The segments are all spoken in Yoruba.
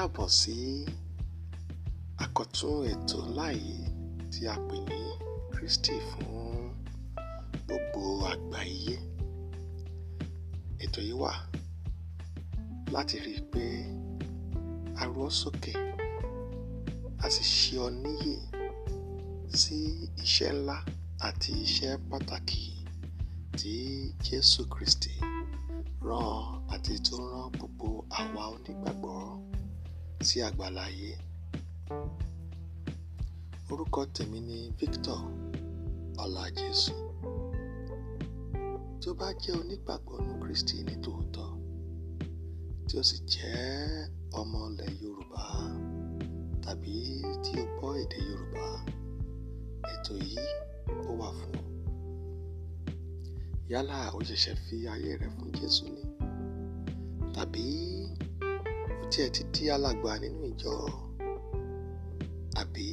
káàbọ̀ sí àkọ́tún ètò ńlá yìí tí a pè ní Kristi fún gbogbo àgbáyé ètò yìí wà láti rí i pé a rú ọ sókè a sì ṣe ọ níyì sí iṣẹ́ ńlá àti iṣẹ́ pàtàkì tí Jésù Kristi rán àti tó rán gbogbo àwa onígbàgbọ́ sí àgbàlá ayé. Orúkọ tèmi ni Victor Ọlájésù. Tí ó bá jẹ́ onígbàgbọ́ nínú Kristi ní tòótọ́, tí ó sì jẹ́ ọmọ ilẹ̀ Yorùbá tàbí tí ó gbọ́ èdè Yorùbá, ètò yìí ó wà fún ọ. Yálà o ṣẹ̀ṣẹ̀ fi ayé rẹ fún Jésù ni tàbí tí ẹ ti di alàgbà nínú ìjọ àbí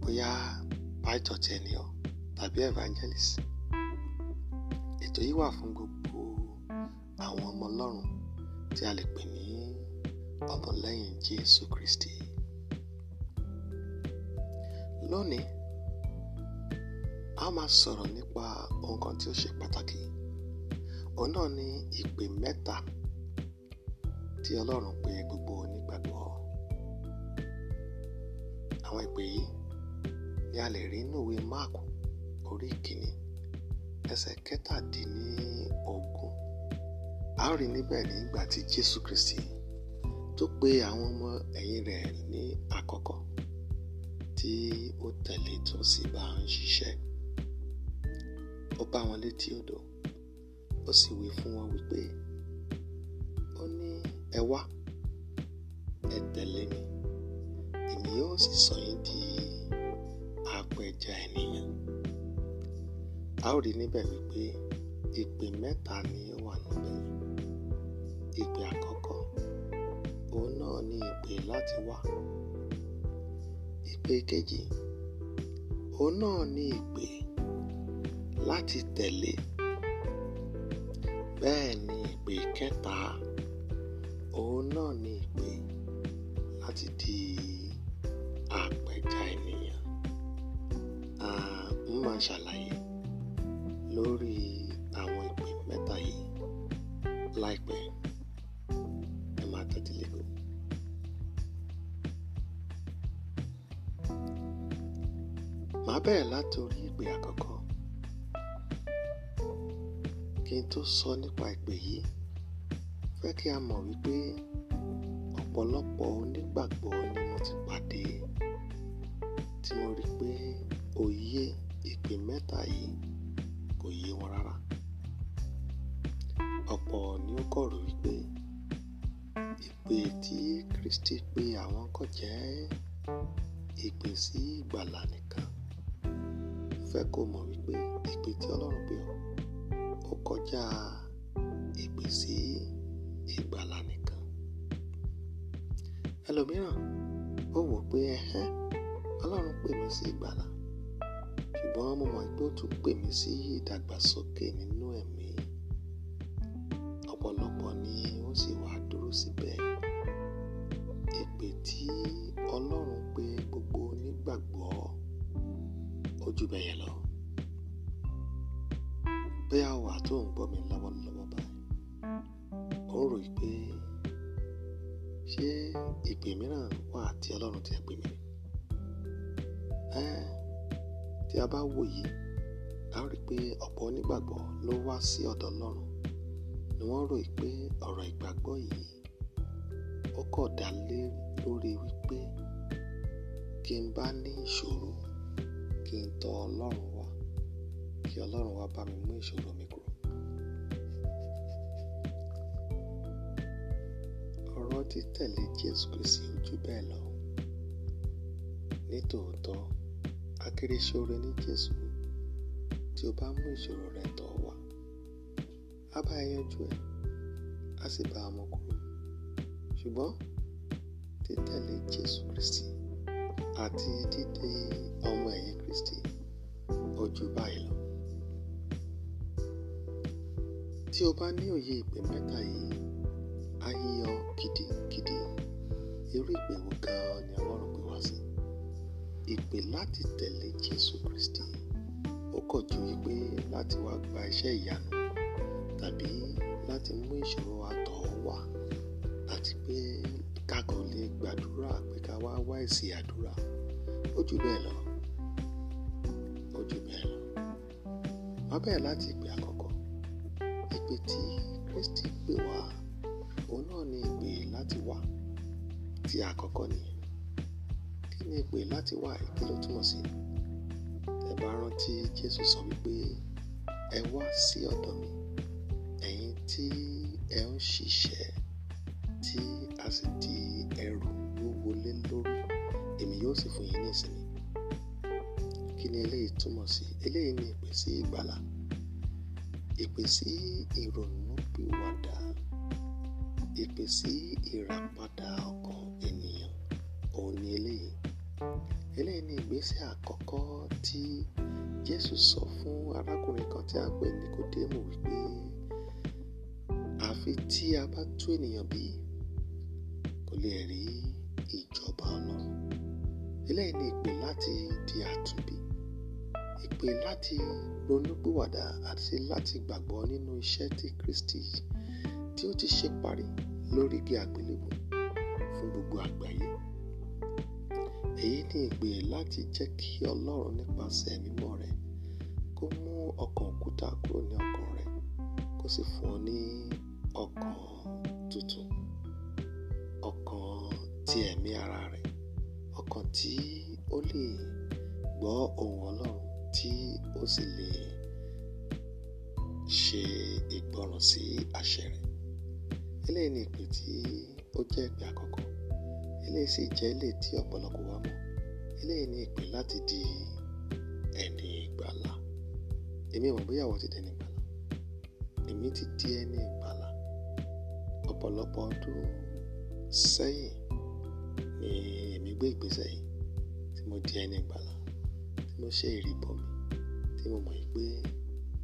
bóyá pásítọ̀ tiẹ̀ ni ọ́ tàbí evangelist ètò yìí wà fún gbogbo àwọn ọmọ ọlọ́run tí a lè pè ní ọmọlẹ́yìn Jésù Kristi lónìí a máa sọ̀rọ̀ nípa ohun kan tí ó ṣe pàtàkì òun náà ni ìpè mẹ́ta tí Ọlọ́run pè gbogbo onígbàgbọ́ àwọn ìpè yìí ni a lè rí nínú ìwé Mark orí ìkíní ẹsẹ̀ kẹtàdínlógún a rí níbẹ̀ nígbà tí Jésù Kristi tó pe àwọn ọmọ ẹ̀yìn rẹ̀ ní àkọ́kọ́ tí ó tẹ̀lé e tó sì bá ń ṣiṣẹ́ ó bá wọn létí odò ó sì wí fún wọn wípé ẹ wá ẹ tẹ̀lé mi èmi yóò sì sọ yín di apẹja ènìyàn a ó rí níbẹ̀ wípé ìpè mẹ́ta ni ó wà níbẹ̀ ìpè àkọ́kọ́ òun náà ni ìpè láti wá ìpè kejì òun náà ni ìpè láti tẹ̀lé bẹ́ẹ̀ ni ìpè kẹta òun náà ni ìpè láti di àpẹja ènìyàn a ń máa ṣàlàyé lórí àwọn ìpè mẹ́ta yìí láìpẹ́ ẹ máa tẹ́tí légo. màá bẹ̀rẹ̀ láti orí ìpè àkọ́kọ́ kí n tó sọ nípa ìpè yìí fẹ́ kí a mọ̀ wípé ọ̀pọ̀lọpọ̀ onígbàgbọ́ ni mo ti pàdé tí mo rí pé òye ìpè mẹ́ta yìí kò yé wọn rárá. Ọ̀pọ̀ ni ó kàn rò wípé ìpè tí Kristi pe àwọn kàn jẹ́ ìpè sí ìgbàlà nìkan. Mo fẹ́ kó mọ̀ wípé ìpè tí Ọlọ́run pè ó kọjá ìpè sí ìgbàlà ìgbàlà nìkan ẹlòmíràn ó wò pé ẹhẹ́ ọlọ́run pè mí sí ìgbàlà ṣùgbọ́n mo mọ̀ pé ó tún pè mí sí ìdàgbàsókè nínú ẹ̀mí ọ̀pọ̀lọpọ̀ ni ó sì wá dúró síbẹ̀ èpè tí ọlọ́run pè gbogbo onígbàgbọ́ ojú bẹ̀yẹ̀ lọ bóyá wà tó ń gbọ́ mi lọ́wọ́. ìpè mìíràn wà tí Ọlọ́run ti ẹ̀ pè mí ni. Ẹ́n tí a bá wòye a rí pé ọ̀pọ̀ onígbàgbọ́ ló wá sí ọ̀dọ̀ Ọlọ́run ni wọ́n ròyìn pé ọ̀rọ̀ ìgbàgbọ́ yìí ó kọ̀ dá lé lórí wípé kí n bá ní ìṣòro kí n tọ̀ Ọlọ́run wá kí Ọlọ́run wá bá mi mú ìṣòro mi. títẹ̀lé Jésù Kristi ó jù bẹ́ẹ̀ lọ nítòótọ́ akérésíore ní Jésù tí o bá mú ìṣòro rẹ tọ̀ wá á bá ẹ yanjú ẹ á sì bá ọmọ kúrò ṣùgbọ́n títẹ̀lé Jésù Kristi àti dídé ọmọ ẹ̀yìn Kristi ó báyìí lọ tí o bá ní òye ìpè mẹ́ta yìí á yọ gidigidi irú ìbẹ̀wò gan-an ni ọlọ́run pè wá sí ìpè láti tẹ̀lé jésù kristi ó kọ̀ ju wípé láti wá gba iṣẹ́ ìyanu tàbí láti mú ìṣòro àtọ̀ wá àti pé kakọ̀ lè gbàdúrà pé ká wá wá èsì àdúrà ó jù bẹ́ẹ̀ lọ ó jù bẹ́ẹ̀ lọ má bẹ́ẹ̀ láti ìpè àkọ́kọ́ ìpè tí kristi pè wá òun náà ni ìpè láti wà tí àkọ́kọ́ nìyẹn kí ni ìpè láti wà kí ló túmọ̀ sí ẹ bá rántí Jésù sọ wípé ẹ wá sí ọ̀dọ̀ mi ẹ̀yin tí ẹ ń ṣiṣẹ́ tí a sì di ẹrù wíwo lé lórí èmi yóò sì fún yín ní ìsinmi kí ni eléyìí túmọ̀ sí eléyìí ni ìpè sí ìgbàlà ìpè sí ìrònú pìwàdà ìpèsè ìràpadà ọkàn ènìyàn òun ni eléyìí eléyìí ni ìgbésẹ̀ àkọ́kọ́ tí Jésù sọ fún arákùnrin kan tí a pè Nikodemu wípé àfi tí a bá tú ènìyàn bí kò lè rí ìjọba Ọlọ́run eléyìí ni ìpè láti di àtúnbí ìpè láti ronúpìwàdà àti láti gbàgbọ́ nínú iṣẹ́ tí Kristi tí ó ti ṣe parí lórí igi àgbélébù fún gbogbo àgbáyé èyí ni ìpè láti jẹ́ kí ọlọ́run nípasẹ̀ ẹ̀mí mímọ́ rẹ̀ kó mú ọkàn òkúta kúrò ní ọkàn rẹ kó sì fún ọ ní ọkàn tuntun ọkàn ti ẹ̀mí ara rẹ̀ ọkàn tí ó lè gbọ́ ohùn ọlọ́run tí ó sì lè ṣe ìgbọràn sí àṣẹ rẹ̀ eléyìí ni ìpè tí ó jẹ́ ìpè àkọ́kọ́ eléyìí sì jẹ́ eléyìí tí ọ̀pọ̀lọpọ̀ wa mọ̀ eléyìí ni ìpè láti di ẹni ìgbàlà èmi mọ̀ bóyá àwọn ti dẹni ìgbàlà èmi ti di ẹni ìgbàlà ọ̀pọ̀lọpọ̀ ọdún sẹ́yìn ni èmi gbé ìgbésẹ̀ yìí tí mo di ẹni ìgbàlà tí mo ṣe ìrìbọmi tí mo mọ̀ pé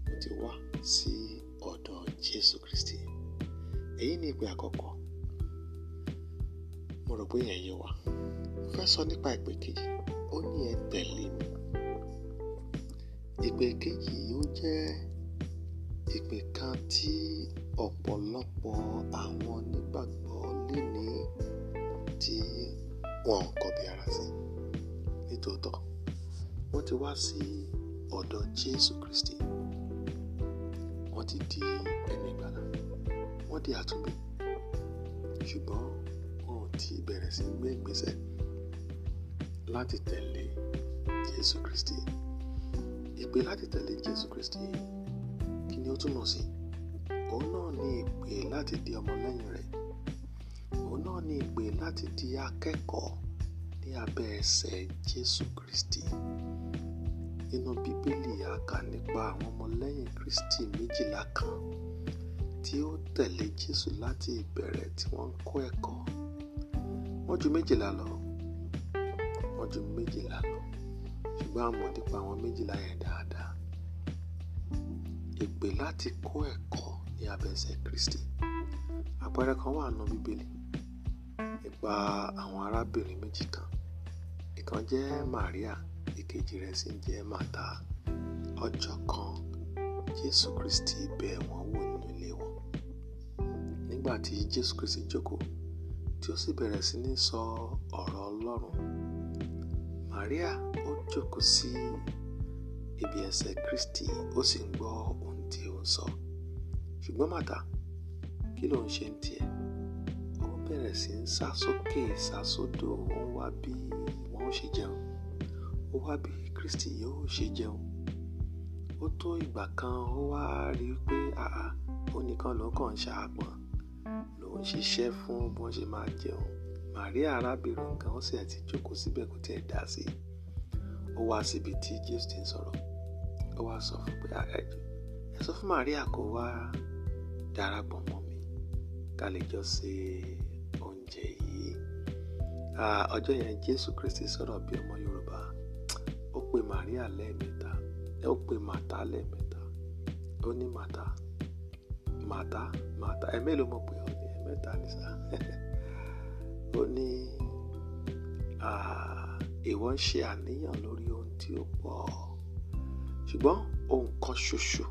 mo ti wá sí ọ̀dọ̀ Jésù Kristi èyí ni ìpè àkọ́kọ́ mo rò pé yẹn yé wa mo fẹ́ sọ nípa ìpè kejì ó ní ẹ tẹ̀lé mi ìpè kejì ó jẹ́ ìpè kan tí ọ̀pọ̀lọpọ̀ àwọn onígbàgbọ́ lè ní tí wọn kò bí ara sí nítòótọ́ wọ́n ti wá sí ọ̀dọ̀ Jésù Kristi wọ́n ti di ẹni ìwọ́de àtúnbí ṣùgbọ́n wọn ò tí ì bẹ̀rẹ̀ sí gbé ìgbésẹ̀ láti tẹ̀lé Jésù Kristi ìpè láti tẹ̀lé Jésù Kristi kí ni ó túmọ̀ sí òun náà ní ìpè láti di ọmọlẹ́yìn rẹ̀ òun náà ní ìpè láti di akẹ́kọ̀ọ́ ní abẹ́ ẹsẹ̀ Jésù Kristi nínú Bíbélì a nípa àwọn ọmọlẹ́yìn Kristi méjìlá kan tí ó tẹ̀lé Jésù láti ìbẹ̀rẹ̀ tí wọ́n ń kọ́ ẹ̀kọ́ wọ́n ju méjìlá lọ wọ́n ju méjìlá lọ ṣùgbọ́n a mọ̀ nípa àwọn méjìlá yẹn dáadáa ìpè láti kọ́ ẹ̀kọ́ ní abẹ́sẹ̀ Kristi àpẹẹrẹ kan wà nù Bíbélì nípa àwọn arábìnrin méjì kan ìkan jẹ́ Màríà ìkejì rẹ̀ sì ń jẹ́ Màtá ọjọ́ kan Jésù Kristi bẹ̀ wọ́n wò nígbà tí Jésù Kristi jókòó tí ó sì bẹ̀rẹ̀ sí ní sọ ọ̀rọ̀ Ọlọ́run Màríà ó jókòó sí ibi ẹsẹ̀ Kristi ó sì ń gbọ́ ohun tí ó ń sọ ṣùgbọ́n Màtá kí ló ń ṣe ń tiẹ̀ ó bẹ̀rẹ̀ sí ń sá sókè sá sódò ó ń wá bí wọn ṣe jẹun ó wá bí Kristi yóò ṣe jẹun ó tó ìgbà kan ó wá rí i pé àá ó nìkan ló kàn ń ṣàápọn ò ń ṣiṣẹ́ fún bó ṣe máa jẹun Màríà arábìnrin kan ó sì àti jókòó síbẹ̀ kò tiẹ̀ dá sí i ó wá síbi tí Jésù ti ń sọ̀rọ̀ ó wá sọ fún pé ẹ sọ fún Màríà kó wá darapọ̀ mọ́ mi ká lè jọ ṣe oúnjẹ yìí ọjọ́ yẹn Jésù Kristi sọ̀rọ̀ bí ọmọ Yorùbá ó pe Màríà lẹ́ẹ̀mẹ́ta ó pe Màtá lẹ́ẹ̀mẹ́ta ó ní Màtá Màtá Màtá ẹ mọ̀ pé ó mẹ́ta ní sá ó ní ìwọ ń ṣe àníyàn lórí ohun tí ó pọ̀ ṣùgbọ́n ohun kan ṣoṣo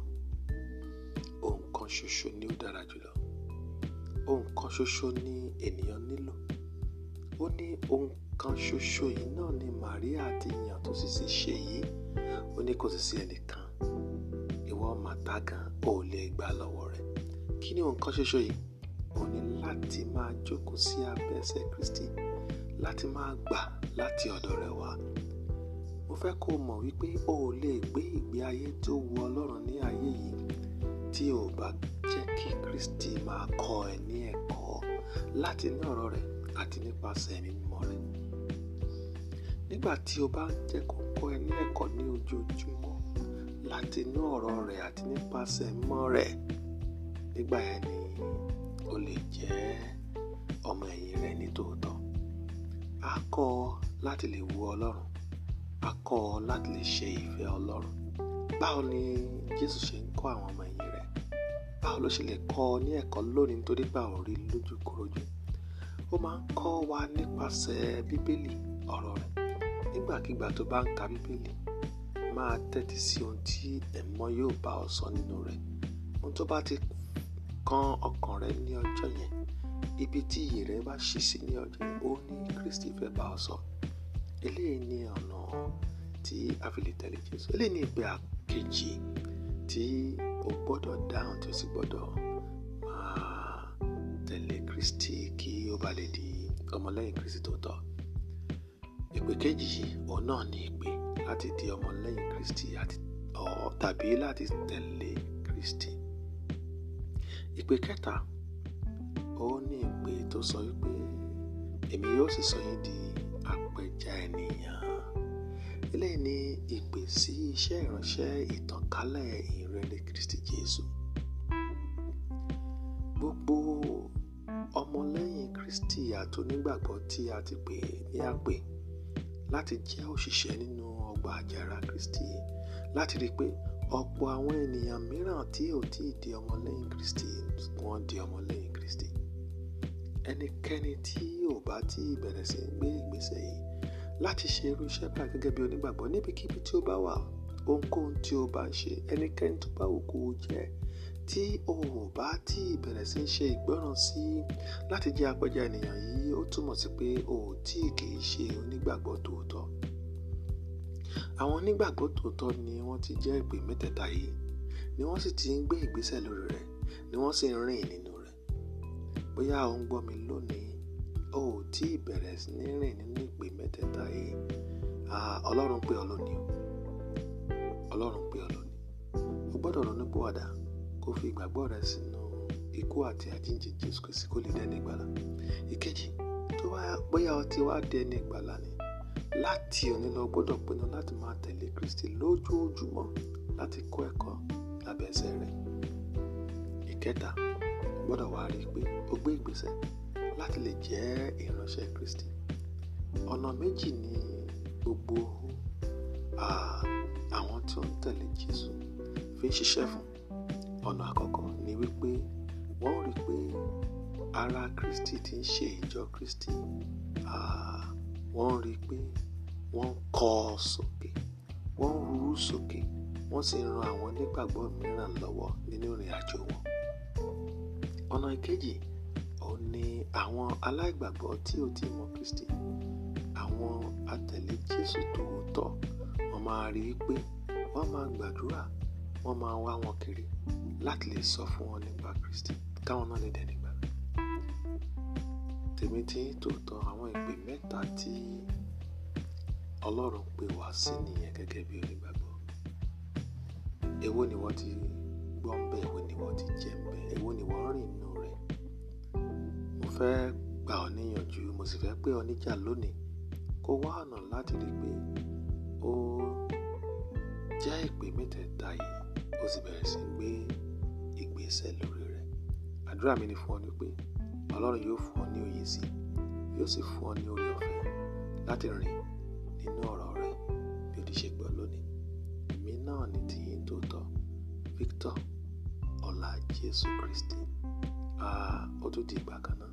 ohun kan ṣoṣo ni ó dára jùlọ ohun kan ṣoṣo ni ènìyàn nílò ó ní ohun kan ṣoṣo yìí náà ni Màríà ti yàn tó sì sì ṣe yìí ó ní kò sì sí ẹnìkan ìwọ màtá gan ò lè gbà lọ́wọ́ rẹ̀ kí ni ohun kan ṣoṣo yìí ó ní láti máa jókòó sí abẹ́ Kristi láti máa gbà láti ọ̀dọ̀ rẹ̀ wá mo fẹ́ kó mọ̀ wípé o ò lè gbé ìgbé ayé tó wu Ọlọ́run ní ayé yìí tí o bá jẹ́ kí Kristi máa kọ́ ẹ ní ẹ̀kọ́ láti ní ọ̀rọ̀ rẹ̀ àti nípasẹ̀ ẹ̀mí mímọ́ rẹ̀ nígbà tí o bá jẹ́ kó kọ́ ẹ ní ẹ̀kọ́ ní ojoojúmọ́ láti inú ọ̀rọ̀ rẹ̀ àti nípasẹ̀ ẹ̀mí mímọ́ rẹ̀ nígbà yẹn ni o lè jẹ́ ọmọ ẹ̀yìn rẹ̀ ní tòótọ́. A kọ́ ọ láti lè wo Ọlọ́run, a kọ́ ọ láti lè ṣe ìfẹ́ Ọlọ́run. Báwo ni Jésù ṣe ń kọ́ àwọn ọmọ ẹ̀yìn rẹ̀? Báwo ló ṣe lè kọ́ ọ ní ẹ̀kọ́ lónìí nítorí pé a ò rí lójúkorojú? Ó máa ń kọ́ wa nípasẹ̀ Bíbélì ọ̀rọ̀ rẹ̀. Nígbàkigbà tó bá ń ka Bíbélì, máa tẹ́tí sí ohun tí ẹ̀mọ́ yóò bá ọ sọ nínú rẹ̀. Ohun tó bá ti kan ọkàn rẹ ní ọjọ́ yẹn ibi tí iyì rẹ bá ṣí sí ní ọjọ́ yẹn ó ní Kristi fẹ́ bá ọ sọ eléyìí ni ọ̀nà tí a fi lè tẹ̀lé Jésù eléyìí ni ìgbà kejì tí o gbọ́dọ̀ dáhùn tí o sì gbọ́dọ̀ máa tẹ̀lé Kristi kí o bá lè di ọmọlẹ́yìn Kristi tó tọ́ ìpè kejì yìí òun náà ni ìpè láti di ọmọlẹ́yìn Kristi àti ọ̀ tàbí láti tẹ̀lé Kristi Ìpè kẹta, òun ni ìpè tó sọ wípé èmi yóò sì sọ yín di apẹja ènìyàn. Eléyìí ni ìpè sí iṣẹ́ ìránṣẹ́ ìtànkálẹ̀ ìrere Kristi Jesu. Gbogbo ọmọlẹ́yìn Kristi àti tí a ti pè ní àpè láti jẹ́ òṣìṣẹ́ nínú ọgbà àjàrà Kristi láti rí pé ọ̀pọ̀ àwọn ènìyàn mìíràn tí ò tí ì di ọmọlẹ́yìn kristi wọ́n di ọmọlẹ́yìn kristi ẹnikẹ́ni tí ò bá tí ì bẹ̀rẹ̀ sí gbé ìgbésẹ̀ yìí láti ṣe irú iṣẹ́ báyìí gẹ́gẹ́ bí onígbàgbọ́ níbikíbi tí ó bá wà ohunkóhun tí o bá ń ṣe ẹnikẹ́ni tó bá wù kó o jẹ́ tí o ò bá tí ì bẹ̀rẹ̀ sí ṣe ìgbọ́ràn sí láti jẹ́ apẹja ènìyàn yìí ó túmọ̀ sí pé o ò tí ì kì ṣe onígbàgbọ́ tòótọ́ àwọn onígbàgbọ́ tòótọ́ ni wọ́n ti jẹ́ ìpè mẹ́tẹ̀ẹ̀ta yìí ni wọ́n sì ti ń gbé ìgbésẹ̀ lórí rẹ̀ ni wọ́n sì ń rìn nínú rẹ̀ bóyá ò ń gbọ́ mi lónìí o ò tí ì bẹ̀rẹ̀ sí ní rìn nínú ìpè mẹ́tẹ̀ẹ̀ta yìí ọlọ́run pè ọ́ lónìí o ọlọ́run pè ọ́ o gbọ́dọ̀ ronú pìwàdà kó fi ìgbàgbọ́ rẹ sínú ikú àti àjíǹde Jésù Kristi kó lè dẹ́ni ìgbàlà ìkejì tó bóyá o wá dẹ́ni ìgbàlà ni láti òní lọ gbọ́dọ̀ pinnu láti máa tẹ̀lé Kristi lójoojúmọ́ láti kọ́ ẹ̀kọ́ lábẹ́ ẹsẹ̀ rẹ̀ ìkẹta o gbọ́dọ̀ wá rí i pé o gbé ìgbésẹ̀ láti lè jẹ́ ìránṣẹ́ Kristi ọ̀nà méjì ni gbogbo àwọn tí ó ń tẹ̀lé Jésù fi ń ṣiṣẹ́ fún ọ̀nà àkọ́kọ́ ni wípé wọ́n rí i pé ara Kristi ti ń ṣe ìjọ Kristi wọ́n rí i pé wọ́n ń kọ́ ọ sókè wọ́n ń rú sókè wọ́n sì ń ran àwọn onígbàgbọ́ mìíràn lọ́wọ́ nínú ìrìn àjò wọn. ọ̀nà ìkejì òun ni àwọn aláìgbàgbọ́ tí ò ti mọ Kristi àwọn atẹ̀lé Jésù tòótọ́ wọ́n máa rí i pé wọ́n máa gbàdúrà wọ́n máa wá wọn kiri láti lè sọ fún wọn nípa Kristi káwọn náà lè dẹ̀nìgbà. tèmi tí tòótọ́ àwọn ìpè mẹ́ta tí. Tí Ọlọ́run pè wá sí nìyẹn gẹ́gẹ́ bí onígbàgbọ́. Èwo ni ìwọ ti gbọ́ ń bẹ, èwo ni ìwọ ti jẹ́ ń bẹ, èwo ni ìwọ rìn nínú rẹ̀. Mo fẹ́ gbà ọ́ níyànjú, mo sì fẹ́ pè ọ́ níjà lónìí kó wá ọ̀nà láti rí pé ó jẹ́ ìpè mẹ́tẹ̀ẹ̀ta yìí ó sì bẹ̀rẹ̀ sí gbé ìgbésẹ̀ lórí rẹ̀. Àdúrà mi ni fún ọ ní pé Ọlọ́run yóò fún ọ ní òye sí, yóò sì fún ọ ní oore ọ̀fẹ́ láti rìn nínú ọ̀rọ̀ rẹ̀ bí ó ti ṣe gbọ́ lónìí. Èmi náà ni tiyín tòótọ́ Victor Ọlá Jésù Kristi. Ah, ó tún di ìgbà kan náà.